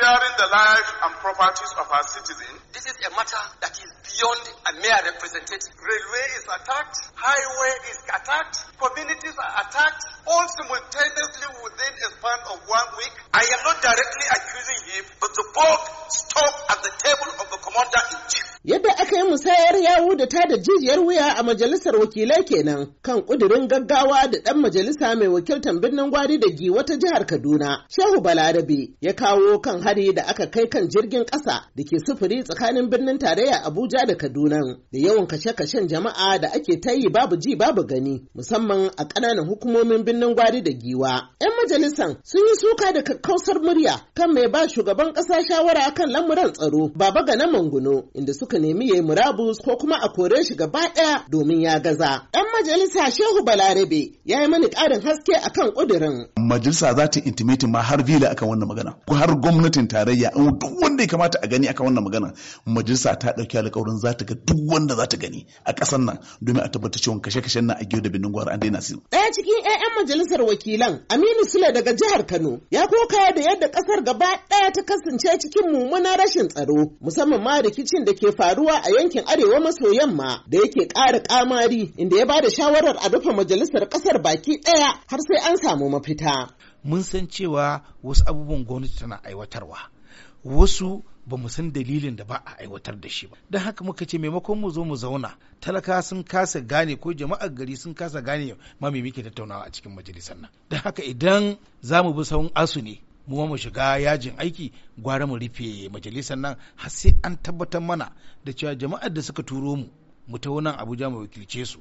securing the life and properties of our citizens. This is a matter that is beyond a mere representative. Railway is attacked, highway is attacked, communities are attacked, all simultaneously within a span of one week. I am not directly accusing him, but the board stopped at the table of the commander in chief. Yadda aka yi musayar yawu da ta da jijiyar wuya a majalisar wakilai kenan kan kudirin gaggawa da ɗan majalisa mai wakiltar birnin gwari da giwa ta jihar Kaduna, Shehu Balarabe ya kawo kan hari da aka kai kan jirgin ƙasa da ke sufuri tsakanin birnin tarayya Abuja da Kaduna da yawan kashe-kashen jama'a da ake ta yi babu ji babu gani musamman a ƙananan hukumomin birnin gwari da giwa. 'Yan majalisan sun yi suka da kakkausar murya kan mai ba shugaban ƙasa shawara kan lamuran tsaro Baba ga Gana Manguno inda suka nemi ya yi murabus ko kuma a kore shi gaba ɗaya domin ya gaza. Ɗan majalisa Shehu Balarabe ya yi mani ƙarin haske kan ƙudurin. Majalisa za ta intimate ma har vila akan wannan magana. Ko har gwamnatin tarayya in duk wanda ya kamata a gani akan wannan magana. Majalisa ta ɗauki alƙawarin za ta ga duk wanda za ta gani a ƙasar nan domin a tabbatar cewa kashe-kashen nan a giyo da binnin gwara an daina su. Ɗaya cikin 'ya'yan majalisar wakilan Aminu Sule daga jihar Kano ya koka da yadda ƙasar gaba ɗaya ta kasance cikin mummunan rashin tsaro musamman ma rikicin da ke faruwa a yankin arewa maso yamma da yake ƙara ƙamari inda ya bada shawarar a rufe majalisar ƙasar baki ɗaya har sai an samu mafita. Mun san cewa wasu abubuwan gwamnati tana aiwatarwa. Wasu ba mu san dalilin da ba a aiwatar da shi ba don haka muka ce maimakon mu zo mu zauna talaka sun kasa gane ko jama'ar gari sun kasa gane ma me muke tattaunawa a cikin majalisar nan don haka idan za mu bi sahun asu ne mu mu shiga yajin aiki gwara mu rufe majalisar nan har sai an tabbatar mana da cewa jama'ar da suka turo mu mu ta wannan abuja mu wakilce su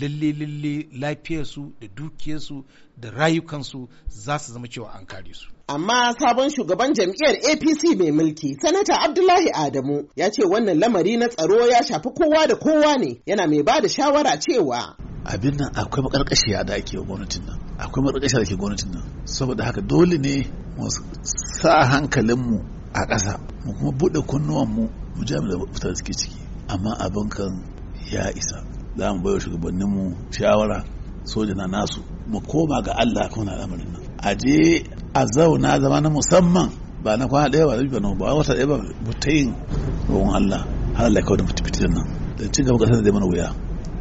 lalle lalle lafiyarsu da dukiyarsu da rayukansu za su zama cewa an kare su amma sabon shugaban jam'iyyar apc mai mulki sanata abdullahi adamu ya ce wannan lamari na tsaro ya shafi kowa da kowa ne yana mai ba da shawara cewa abin nan akwai makarkashiya da ake gwamnatin nan akwai makarkashiya da ke gwamnatin nan saboda haka dole ne mu sa hankalinmu a ƙasa mu kuma buɗe kunnuwanmu mu jami da fitar suke ciki amma abin kan ya isa za mu baiwa shugabanninmu shawara soja na nasu mu koma ga Allah na lamarin nan a je a zauna zama na musamman ba na kwana ɗaya ba zai ba ba wata ɗaya ba mu ta yin roƙon Allah har Allah ya kawo da nan da cin gaba ƙasar da zai mana wuya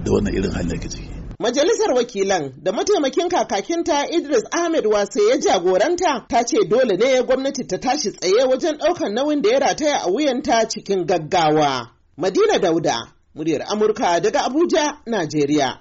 da wannan irin hali da ke ciki Majalisar wakilan da mataimakin kakakinta Idris Ahmed Wase ya jagoranta ta ce dole ne gwamnati ta tashi tsaye wajen ɗaukar nauyin da ya rataya a wuyanta cikin gaggawa. Madina Dauda, muryar Amurka daga Abuja, Najeriya.